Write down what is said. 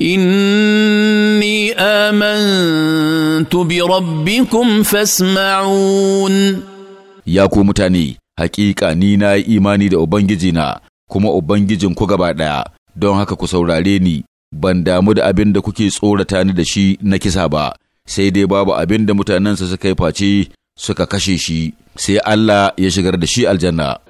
اني امنت بربكم فاسمعون يا ku mutane "Haƙiƙa ni na yi imani da ubangijina kuma ubangijin ku gaba ɗaya don haka ku saurare ni ban damu da abin da kuke tsorata ni da shi na kisa ba sai dai babu abin da mutanensa suka yi face suka kashe shi sai Allah ya shigar da shi aljanna